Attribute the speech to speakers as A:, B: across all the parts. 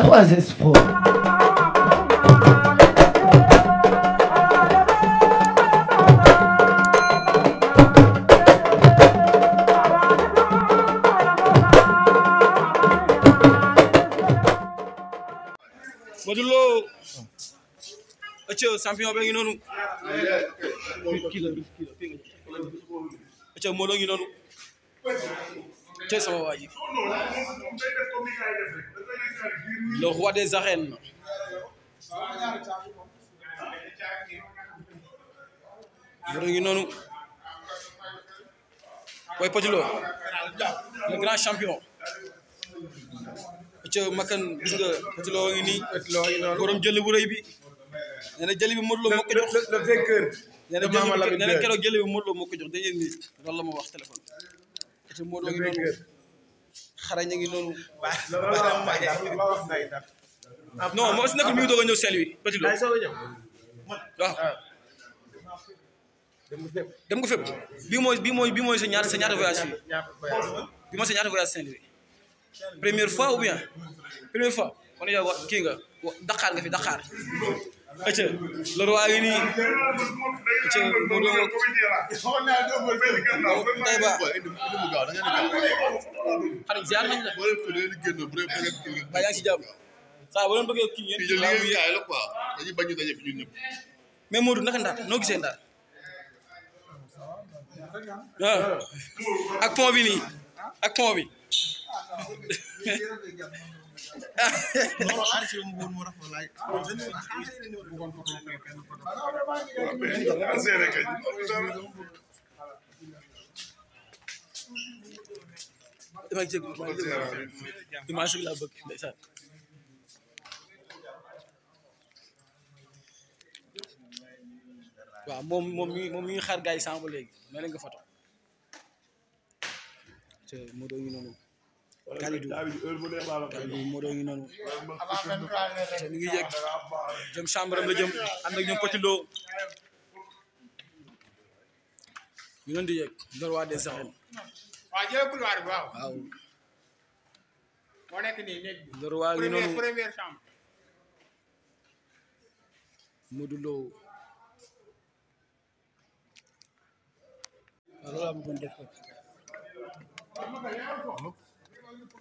A: 3S Pro. Modou Lo ëcc champion ba ngi noonu ëcc Modou ngi noonu ëcc sama waa ji le roi des arènes mbër noonu Boy Petit Lo le grand champion ca makan gis nga Petit Lo jël bu rëy bi nee na jël bi Modou Lo moo ko jox le vainqueur nee moo jox dañuy wax téléphone te xarañ a ngi noonu. non moom aussi nekkul mi doog a ñëw Saint-Louis Petit Lo waaw. dem nga fépp bii mooy bi mooy bii mooy sa ñaata sa ñaata voyage mooy sa ñaata voyage Saint-Louis
B: première fois ou bien
A: première fois. kon yow kii nga Dakar nga fi Dakar. acca loolu waa ngi nii acca Modou Lo tey ba xarit ziar nañ la ba yaa ngi si jàmm saa boo leen bëggee kii yéen ah. ak pont bi nii non archive mu woon waaw moom moom mi moom mi xaar gars yi sàmm léegi ma ne foto photo te mu doon
B: Kalidou Kalidou Modou ngi noonu
A: te mi ngi yëg jëm chambre am la jëm ànd ak ñoom Petit Lo ñu doon di yëg door waa des arènes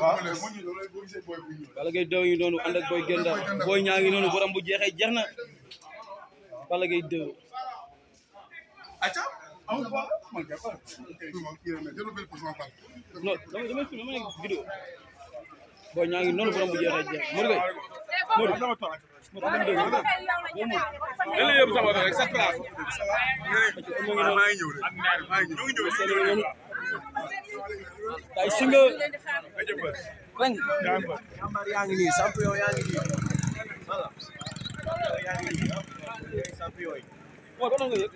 A: Ah. Balla Gaye 2 ngi noonu ànd ak Boy Genda Boy Niang ngi noonu borom bu jeexee jeex na Balla Gaye 2 non damay damay filmé ma nekk vidéo
B: Boy Niang ngi noonu borom bu jeexee jeex
A: Modou tay si nga reng jàmbar yaa ngi nii champion yaa ngi nii voilà yaa ngi nii champion yi waaw doon nga yëg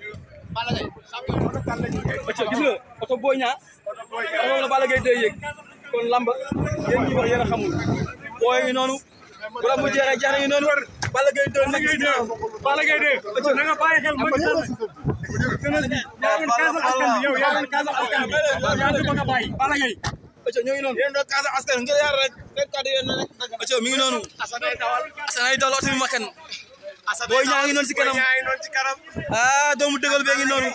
A: Balla Gaye champion wala kan la ñu gis nga oto Boy Niang wala la Balla Gaye day yëg kon lamba yéen ñi wax yéen a xamul booy ngi noonu borom bu jeexee jeex ngi noonu Balla Gaye 2 Balla Gaye 2 na nga bàyyi xel Macky Sall yaa ngi kaasa askan bi yow yaa ngi kaasa askan bi yaa ngi bëgg a bàyyi Balla Gaye ñu ngi noonu yéen doon kaasa askan ngir yar rek rek kàddu yéen rek Aco mi ngi noonu Assane ay dawal oto bi ma kenn booy ñaa ngi noonu si kanam ah doomu dëgal bee ngi noonu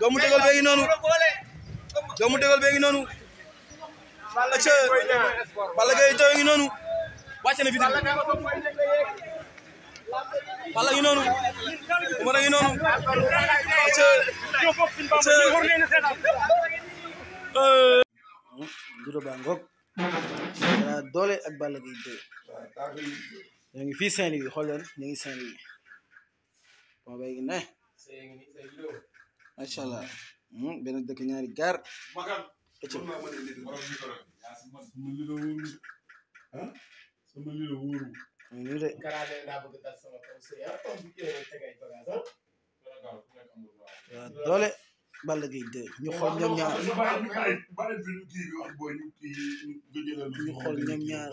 A: doomu dëgal bee ngi noonu doomu dëgal bee ngi noonu Aco Balla Gaye 2 ngi noonu wàcc na vidéo wala ngi noonu Omar a ngi noonu Doudou eh. Ba ngoog Kara Dollé ak Balla ngi fii Saint-Louis xool leen ñu ngi Saint-Louis bon bay gi ne macha allah hmm, benn dëkk ñaari gaar sama ñu de garage daa bëgg dal doole Balla Gaye 2 ñu xool ñoom ñaar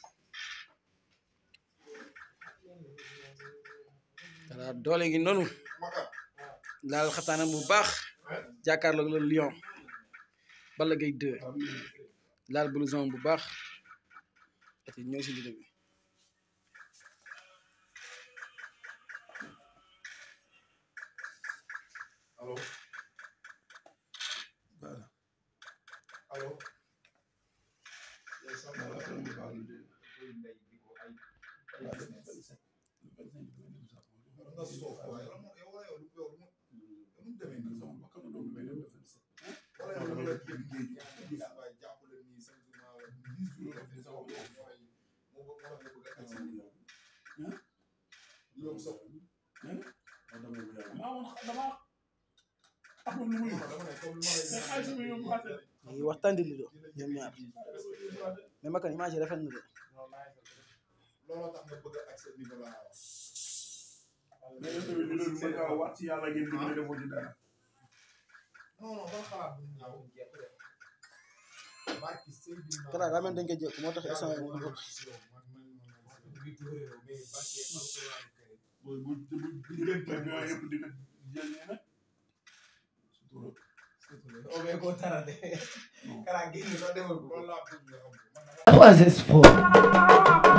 A: waaw doole ngi noonu laal xataanam bu baax jàkkaarloog la Lion Balla Gaye 2 laal blouson bu baax nga soof waaye lan lu yow lu mu yow nu ni sama bopp mooy moo a lu muy dama ne comme lu mais yow tamit dina mën ngaa wax ci yàlla ngeen dina defoo ci dara. non ko jekk de. Kara daa mel dañ moo tax instant yii moom. bu bu di ko jël ñu